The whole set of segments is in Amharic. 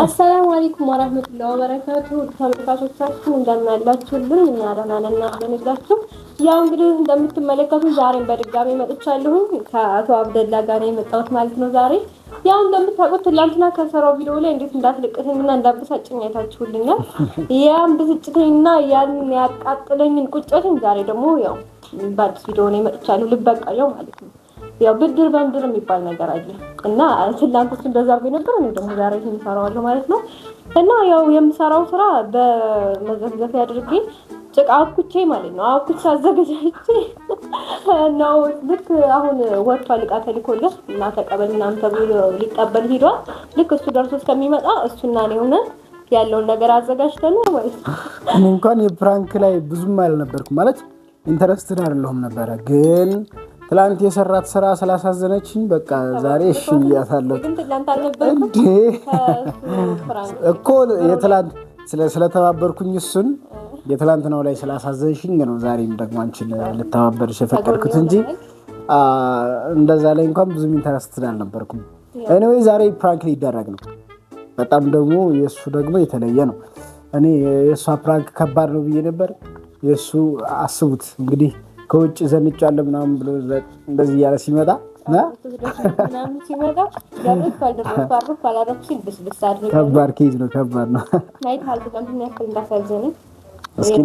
አሰላሙ አለይኩም ወራህመቱላሂ ወበረካቱ። ተመልካቾቻችን እንደምናላችሁልን እኛ ደህና ነን እንደምንላችሁ። ያው እንግዲህ እንደምትመለከቱ ዛሬም በድጋሚ መጥቻለሁ። ከአቶ አብደላ ጋር የመጣሁት ማለት ነው። ዛሬ ያው እንደምታውቁት ትላንትና ከሰራው ቪዲዮ ላይ እንዴት እንዳትልቅተኝና እንዳብሳጭኝ አይታችሁልኛል። ያን ብስጭተኝና ያን ያቃጥለኝን ቁጭትን ዛሬ ደግሞ ያው በአዲስ ቪዲዮ ላይ መጥቻለሁ። ልበቃ ነው ማለት ነው። ያው ብድር በምድር የሚባል ነገር አለ እና ፍላጎት እንደዛ አርጎ ነበር። እኔ ደግሞ ዛሬ የምሰራዋለሁ ማለት ነው። እና ያው የምሰራው ስራ በመዘፍዘፍ አድርጌ ጭቃ አኩቼ ማለት ነው። አኩቼ አዘገጃጅቼ ነው። ልክ አሁን ወጥቷል እቃ ተልኮለት እና ተቀበል ምናምን ተብሎ ሊቀበል ሂዷል። ልክ እሱ ደርሶ እስከሚመጣ እሱና እኔ ሆነን ያለውን ነገር አዘጋጅተን ማለት ነው። እኔ እንኳን የፕራንክ ላይ ብዙም አልነበርኩም ማለት ኢንተረስትድ አይደለሁም ነበረ ግን ትላንት የሰራት ስራ ስላሳዘነችኝ በቃ ዛሬ እሺ ብያታለሁ እኮ የትላንት ስለተባበርኩኝ እሱን የትላንትናው ላይ ስላሳዘንሽኝ ነው። ዛሬም ደግሞ አንቺን ልተባበርሽ የፈቀድኩት እንጂ እንደዛ ላይ እንኳን ብዙም ኢንተረስትድ አልነበርኩም። ኤኒዌይ ዛሬ ፕራንክ ሊደረግ ነው። በጣም ደግሞ የእሱ ደግሞ የተለየ ነው። እኔ የእሷ ፕራንክ ከባድ ነው ብዬ ነበር። የእሱ አስቡት እንግዲህ ከውጭ ዘንጫለ ምናምን ብሎ እንደዚህ እያለ ሲመጣ ከባድ ኬዝ ነው። ከባድ ነው። እስኪ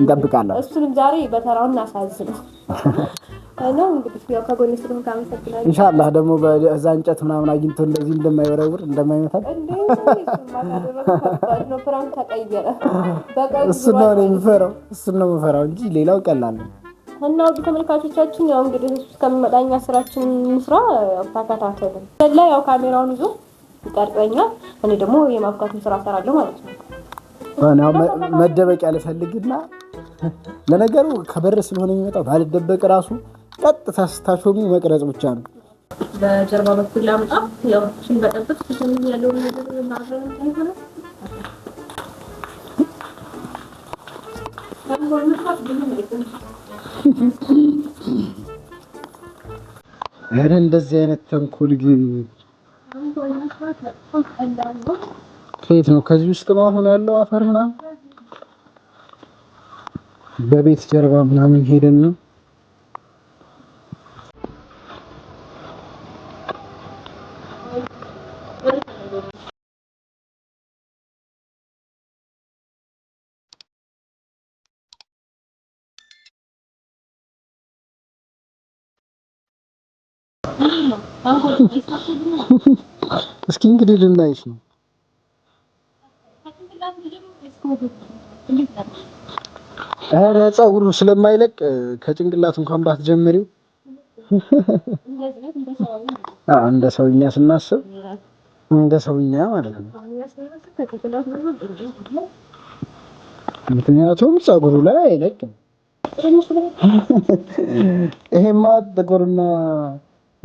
እንጠብቃለን። እሱንም ዛሬ በተራው እናሳዝነው ነው ደግሞ በዛ እንጨት ምናምን አግኝቶ እንደዚህ እንደማይወረውር እንደማይመታል እሱ ነው የምፈራው፣ እሱ ነው የምፈራው እንጂ ሌላው ቀላል ነው። እና ውድ ተመልካቾቻችን ያው እንግዲህ እሱ እስከሚመጣ እኛ ስራችን እንስራ። ተከታተሉ። ላ ያው ካሜራውን ይዞ ይቀርጸኛል፣ እኔ ደግሞ የማብቃቱን ስራ እሰራለሁ ማለት ነው። መደበቂያ ልፈልግና ለነገሩ ከበር ስለሆነ የሚመጣው ባልደበቅ ራሱ ቀጥታ ስታሾሚ መቅረጽ ብቻ ነው። በጀርባ በኩል ላምጣ ያው ሽን በጠብቅ ያለውን ነገር ማድረግ ኧረ እንደዚህ አይነት ተንኮል ግን ከየት ነው? ከዚህ ውስጥ ነው አሁን ያለው አፈር ምናምን በቤት ጀርባ ምናምን ሄደን ነው እስኪ እንግዲህ ልናይሽ ነው። ኧረ ፀጉሩ ስለማይለቅ ከጭንቅላት እንኳን ባትጀምሪው እንደ ሰውኛ ስናስብ እንደ ሰውኛ ማለት ነው። ምክንያቱም ፀጉሩ ላይ አይለቅም። ይሄማ ጥቁርና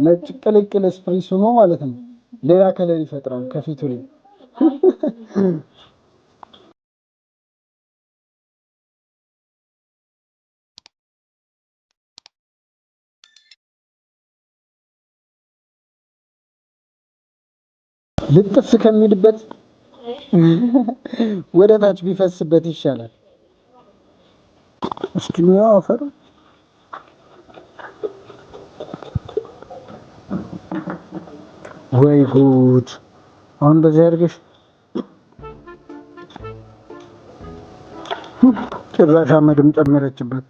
ነጭ ቅልቅል ስፕሪስ ሆኖ ማለት ነው። ሌላ ከለር ይፈጥራል ከፊቱ ላይ ልጥፍ ከሚልበት ወደ ታች ቢፈስበት ይሻላል። እስኪ ነው አፈሩ ወይ ጉድ! አሁን በዚህ አድርገሽ ጭራሽ አመድም ጨመረችበት።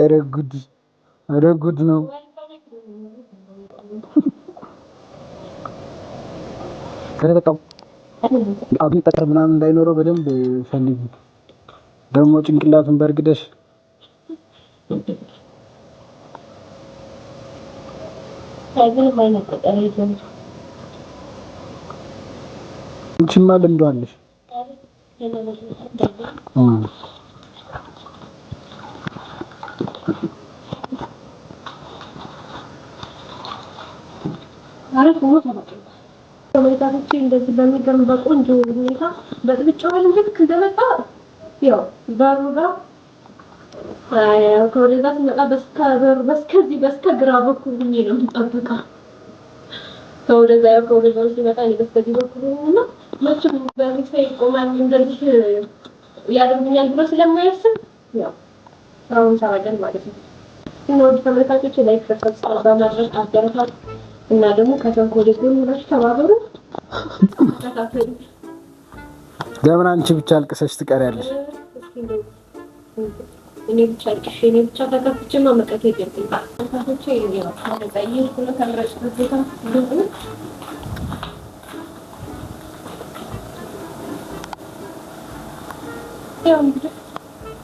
ኧረ ጉድ! ኧረ ጉድ ነው። አሁን ጠጠር ምናምን እንዳይኖረው በደንብ ፈልጊ። ደግሞ ጭንቅላቱን በእርግደሽ እንቺማ ልምዶ አለሽ። ተመልካቾች እንደዚህ በሚገርም በቆንጆ ሁኔታ በጥብጫውን ልክ እንደመጣ ያው በሩ ጋር ከወደዛ ስመጣ በስከ በሩ በስከዚህ በስከ ግራ በኩል ሁኜ ነው የምጠብቀው። ከወደዛ ያው ከወደዛ ሲመጣ እኔ በስከዚህ በኩል ሆኜና መቼም በሚሳ ይቆማል እንደዚህ ያደርጉኛል ብሎ ስለማያስብ ያው ስራውን ሰራለን ማለት ነው። እና ውድ ተመልካቾች ላይክ በማድረግ አበረታቱ። እና ደግሞ ከተንኮል ሆናችሁ ተባበሩ። ለምን አንቺ ብቻ አልቅሰሽ ትቀሪያለሽ? እኔ ብቻ አልቅሼ እኔ ብቻ ተከፍቼማ መቀት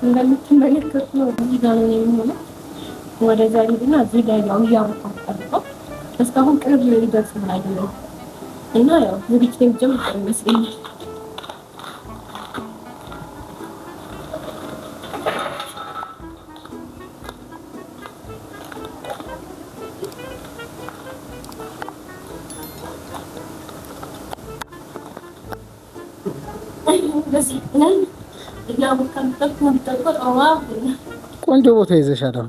እንደምትመለከቱ ነው። ነው ወደዛ ሄድና እዚህ ጋር ያው እያቦካ እስካሁን ቅርብ ሊደርስ ምን አይደለም እና ያው ዝግጅት የሚጀምር ይመስለኛል። ቆንጆ ቦታ ይዘሻል አሁን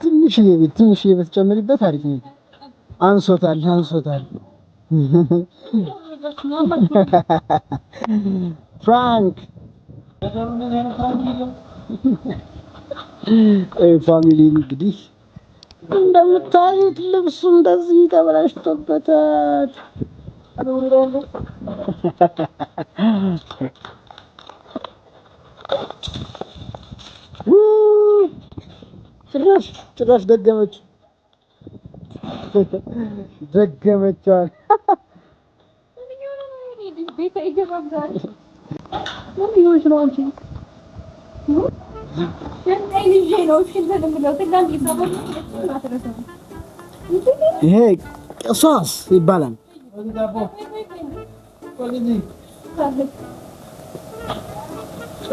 ትንሽዬ ትንሽ ትንሽዬ ብትጨምሪበት አሪፍ ነው። አንሶታል አንሶታል። ፍራንክ ፋሚሊ እንግዲህ እንደምታዩት ልብሱ እንደዚህ ተበላሽቶበታል። ጭራሽ ጭራሽ ደገመች ደገመችዋል። ይሄ እሷስ ይባላል።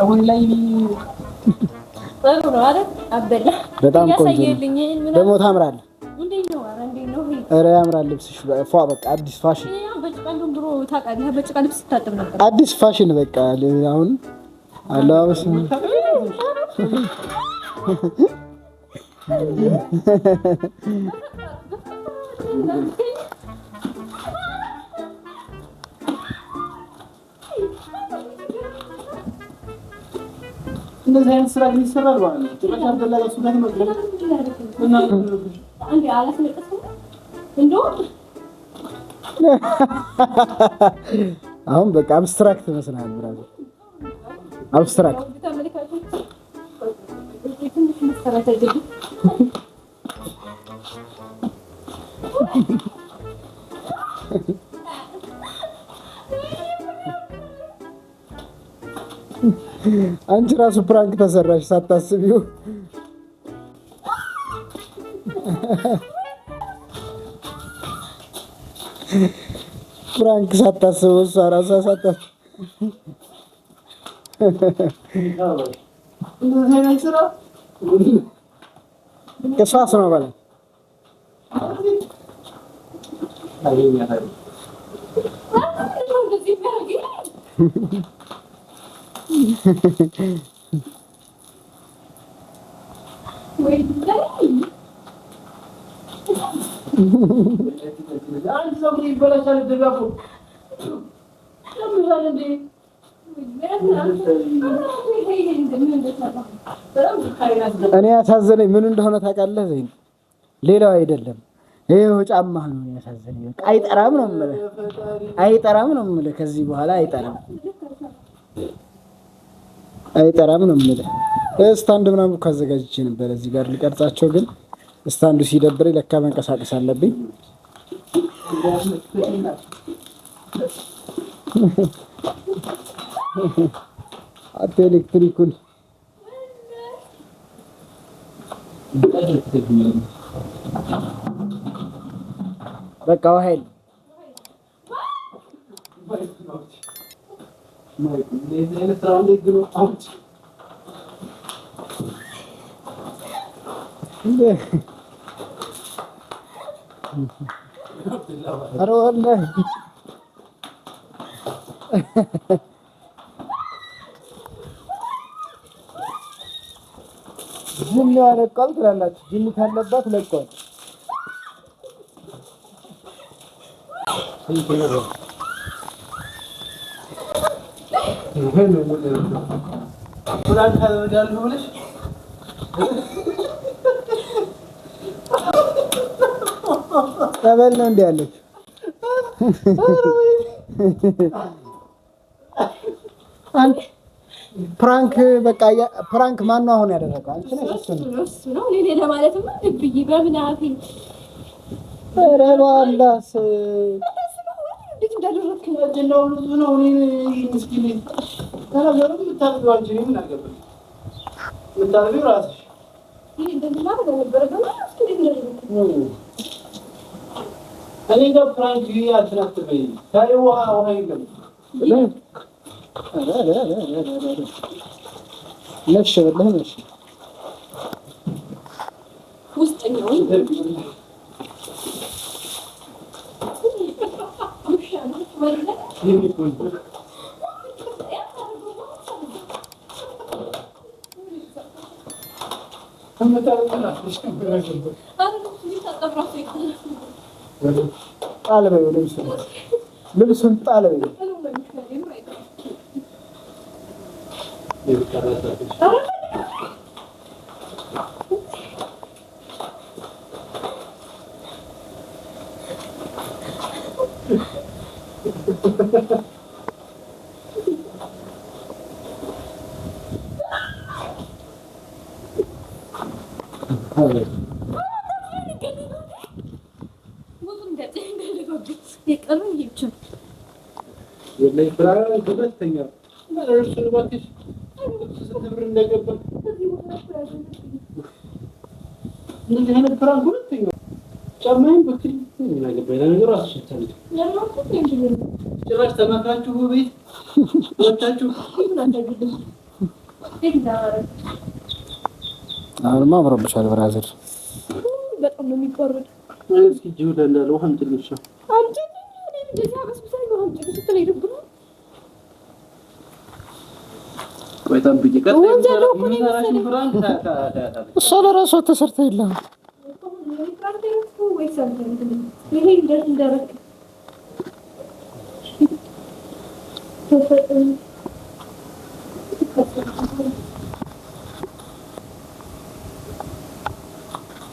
አሁን ላይ ጥሩ ነው አይደል? አበላ በጣም ቆንጆ ደግሞ ታምራለህ። ኧረ ያምራል ልብስሽ። ፏ በቃ አዲስ ፋሽን አዲስ ፋሽን በቃ አሁን አለባበስ እንደዚህ አይነት ስራ ግን ይሰራል ማለት ነው። ጭራሽ አብደላ ጋር ሱዳን እና አንዴ አሁን በቃ አብስትራክት መስላል አብስትራክት አንቺ ራሱ ፕራንክ ተሰራሽ ሳታስቢው። ፕራንክ ሳታስበው እሷ ራሷ ሳታ ነው በለ እኔ ያሳዘነኝ ምን እንደሆነ ታውቃለህ? ዘይን ሌላው አይደለም ይሄው ጫማህ ነው ያሳዘነኝ። አይጠራም ነው የምልህ፣ አይጠራም ነው የምልህ። ከዚህ በኋላ አይጠራም። አይጠራም ነው የምልህ። ስታንድ ምናምን እኮ አዘጋጅቼ ነበር እዚህ ጋር ልቀርጻቸው፣ ግን ስታንዱ ሲደብረኝ ለካ መንቀሳቀስ አለብኝ። አቶ ኤሌክትሪኩን በቃ ውሀ የለም ጅን ያለቀዋል ትላላችሁ። ጅን ካለባት ለቀዋል። ጠበል ነው እንደ ያለች ፕራንክ በቃ ፕራንክ ማን ነው አሁን ያደረገው? አንቺ ነሽ። እሱ ነው እኔ ለማለትማ ልብዬ በምናፊ ኧረ በኋላስ እንዴት እንዳደረግክ ነው ነው ከነገሩ የምታደርገው አንቺ ምን አልገባኝ። የምታደርገው ራስሽ እኔ ጋር ፍራንክ አትናትበኝ። ታይ ውሃ ውሃ የለም ነሽ ወላሂ ነሽ ውስጠኛው ይሄ ጣል በይው፣ ልብሱን ጣል በይው። ጭራሽ ተመካችሁ ቤት ወታችሁ አሁንማ አምሮብሻል ብራዘር። በጣም ነው የሚቆርብ። እስኪ ጅብ ለእንዳለ ውሃ አምጪልኝ እሷ ለራሷ ተሰርታ የለም